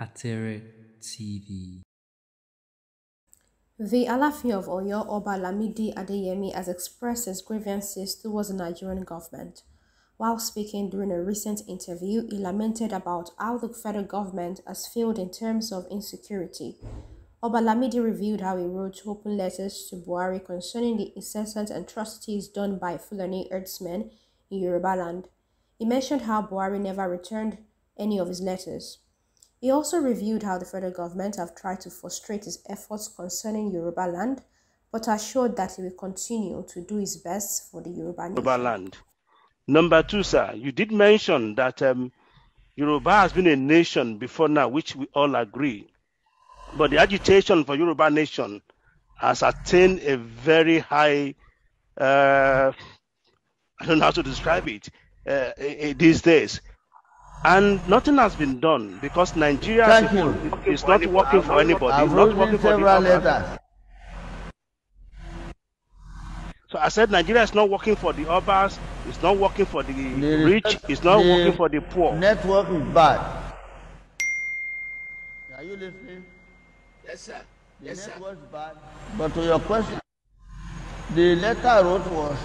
Atere TV. The Alafi of Oyo Oba Lamidi Adeyemi has expressed his grievances towards the Nigerian government. While speaking during a recent interview, he lamented about how the federal government has failed in terms of insecurity. Obalamidi revealed how he wrote open letters to Buhari concerning the incessant atrocities done by Fulani herdsmen in Yorubaland. He mentioned how Buhari never returned any of his letters. He also reviewed how the federal government have tried to frustrate his efforts concerning Yoruba land, but assured that he will continue to do his best for the Yoruba, Yoruba land. Number two, sir, you did mention that um, Yoruba has been a nation before now, which we all agree. But the agitation for Yoruba nation has attained a very high, uh, I don't know how to describe it, uh, these days and nothing has been done because Nigeria Thank is, is not working for anybody. I've not working for the So I said Nigeria is not working for the others. it's not working for the, the rich, it's not working for the poor. Network is bad. Are you listening? Yes, sir. The yes, network sir. is bad. But to your question, the letter I wrote was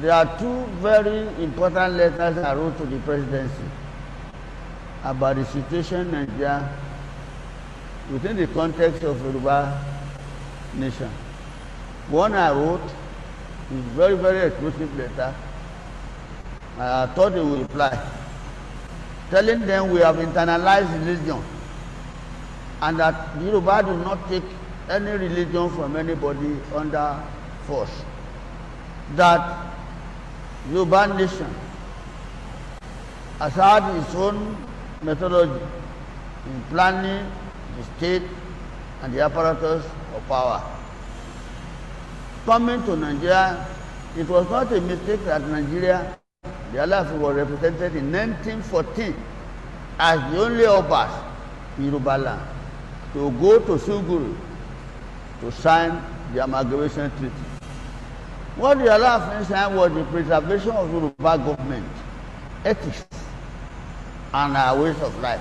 There are two very important letters I wrote to the presidency about the situation in Nigeria within the context of Yoruba nation. One I wrote is very, very exclusive letter. I thought they would reply, telling them we have internalized religion and that Yoruba do not take any religion from anybody under force. That Yuban nation, Assad his own methodology in planning the state and the apparatus of power. Coming to Nigeria, it was not a mistake that Nigeria, the Alafi was represented in 1914 as the only Obas in Rubala to go to Suguru to sign the amalgamation treaty. What we the Alaafin signed was the preservation of Yoruba government, ethics, and our ways of life.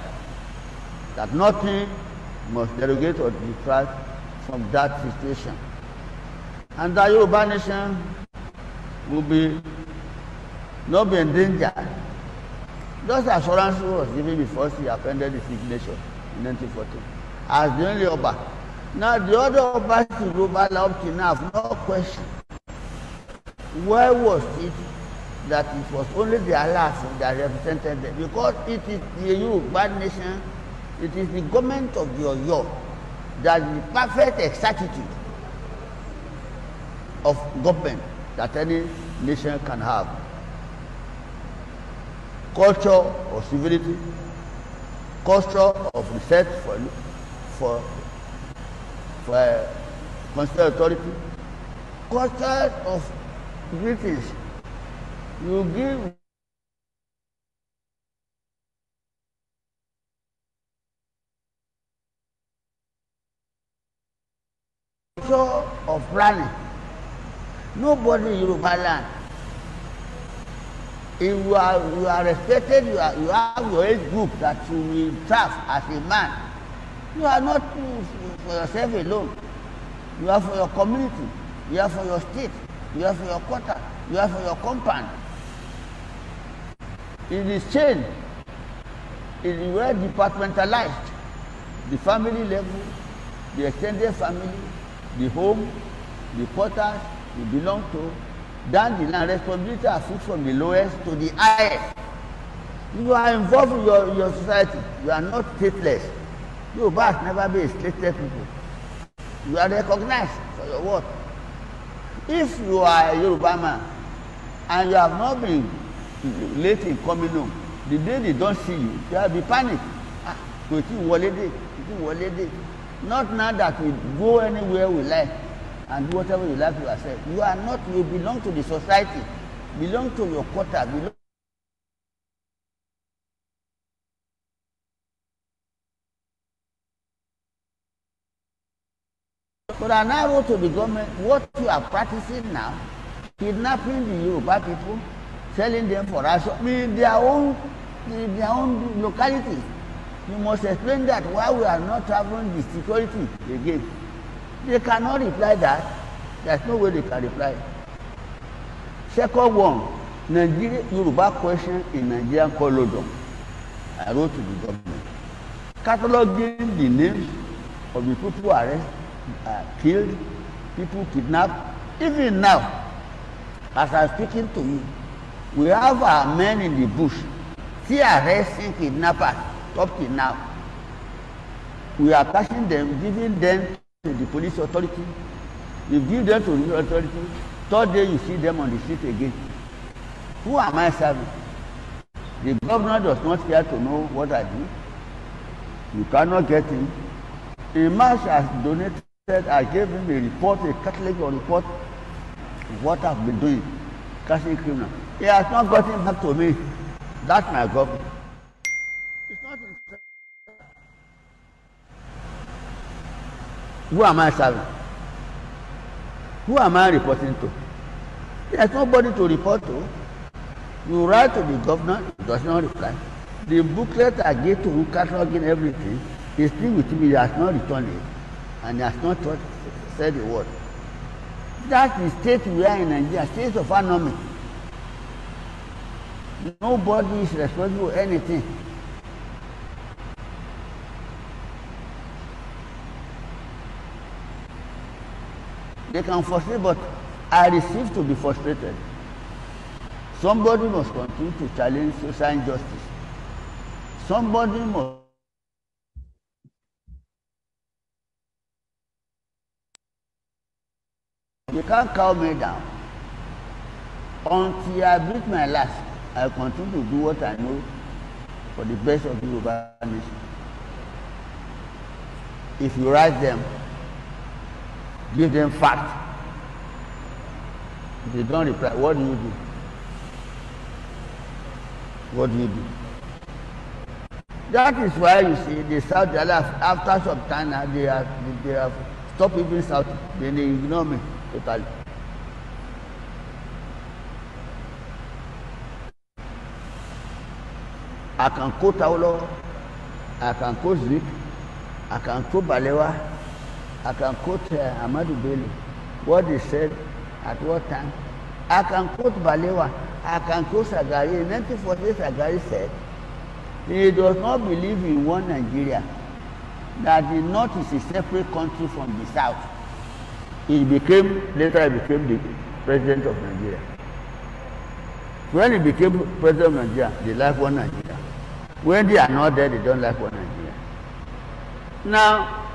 That nothing must derogate or detract from that situation. And that Yoruba nation will be not be in danger. Those assurances was given before she appended the signature in 1914 as the only Oba. Now the other Obas in Yoruba up till now have no question why was it that it was only the Alaafin that represented them because it is the you, Yoruba nation it is the government of the Oyo that the perfect exactitude of government that any nation can have culture of civility culture of respect for for for uh, constitutional authority culture of British, you give so of planning. Nobody in Yoruba land. If you are you are respected, you, are, you have your age group that you will serve as a man. You are not for yourself alone. You are for your community. You are for your state you have your quarter, you have your compound. It is changed. it is well departmentalized. The family level, the extended family, the home, the quarters you belong to, Then the line, responsibility are put from the lowest to the highest. You are involved in your, your society. You are not stateless. You must never be stateless people. You are recognized for your work. if you are a Yoruba man and you have not been late in coming home the day they don see you they will be panic ah kò tí wọlé dé kò tí wọlé dé not now that we go anywhere we like and do whatever we like to yourself you are not you belong to the society belong to your quarter belong. So that now wrote to the government what you are practicing now, kidnapping the Yoruba people, selling them for us in their own in their own locality. You must explain that why we are not having the security again. They cannot reply that. There's no way they can reply. Second one, Nigeria Yoruba question in Nigerian Colodon. I wrote to the government. Cataloging the names of the people arrested uh, killed, people kidnapped. Even now, as I'm speaking to you, we have our men in the bush still arresting kidnappers up till now. We are catching them, giving them to the police authority. You give them to the authority, third day you see them on the street again. Who am I serving? The governor does not care to know what I do. You cannot get him. A mass has donated said I gave him a report, a Catholic report, what I've been doing, catching criminal. He has not gotten back to me. That's my government. It's not Who am I serving? Who am I reporting to? There's nobody to report to. You write to the governor, he does not reply. The booklet I gave to Ukatog and everything is still with me, he has not returned it. and has not taught, said a word. That's the state we are in Nigeria, state of anarchy. Nobody is responsible for anything. They can frustrate, but I refuse to be frustrated. Somebody must continue to challenge social injustice. Somebody must They can't calm me down. Until I breathe my last, I continue to do what I know for the best of the Yoruba nation. If you write them, give them fact. If they don't reply, what do you do? What do you do? That is why you see the South Arabia after some time they have they have stopped even South. then they ignore me totally. I can quote Tawlo, I can quote Zik, I can quote Balewa, I can quote uh, Ahmadu Bello, what they said, at what time. I can quote Balewa, I can quote Sagari. In 1948, Sagari said, he does not believe in one Nigeria, that the North is a separate country from the South he became later he became the president of Nigeria. When he became president of Nigeria, they like one Nigeria. When they are not there, they don't like one Nigeria. Now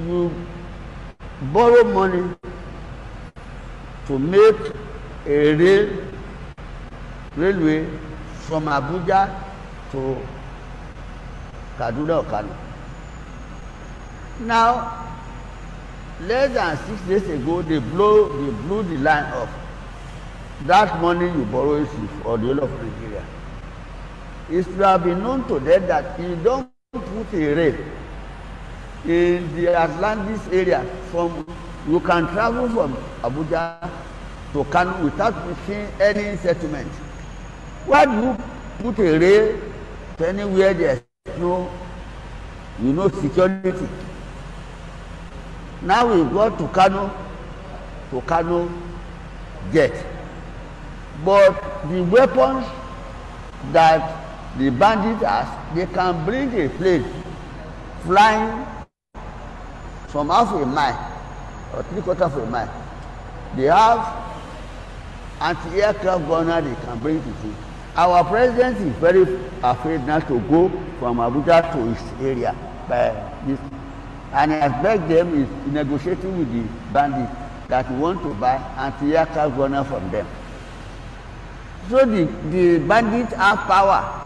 you borrow money to make a rail railway from Abuja to Kaduna or Kano. Now less than six days ago they blow they blew the line off that money you borrow is for the whole of Nigeria it should have been known to them that you don't put a rail in the Atlantis area from you can travel from Abuja to Kano without making any settlement why do you put a rail anywhere there is no you know security Now we go to Kano to Kano get. But the weapons that the bandits has, they can bring a plane flying from half a mile or three quarter of a mile. They have anti-aircraft gunner they can bring to you. Our president is very afraid not to go from Abuja to his area by this and I beg them is negotiating with the bandits that want to buy anti-aircraft gunner from them. So the, the bandits have power,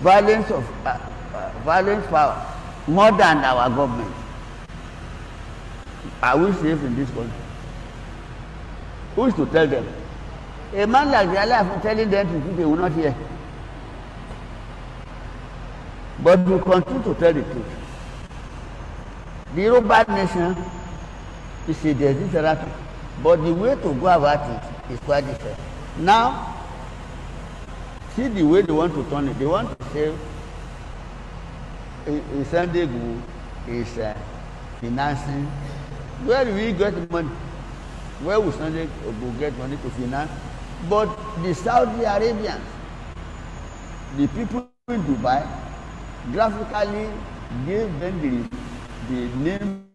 violence of uh, uh, violence power, more than our government. Are we safe in this country? Who is to tell them? A man like their life telling them to do, they will not hear. But we continue to tell the truth. The Yoruba nation is a desideratum, but the way to go about it is quite different. Now, see the way they want to turn it. They want to say a eh, eh, Sunday Igboho is uh, financing. Where do we get money? Where will Sunday Igboho get money to finance? But the Saudi Arabians, the people in Dubai, graphically gave them the de nem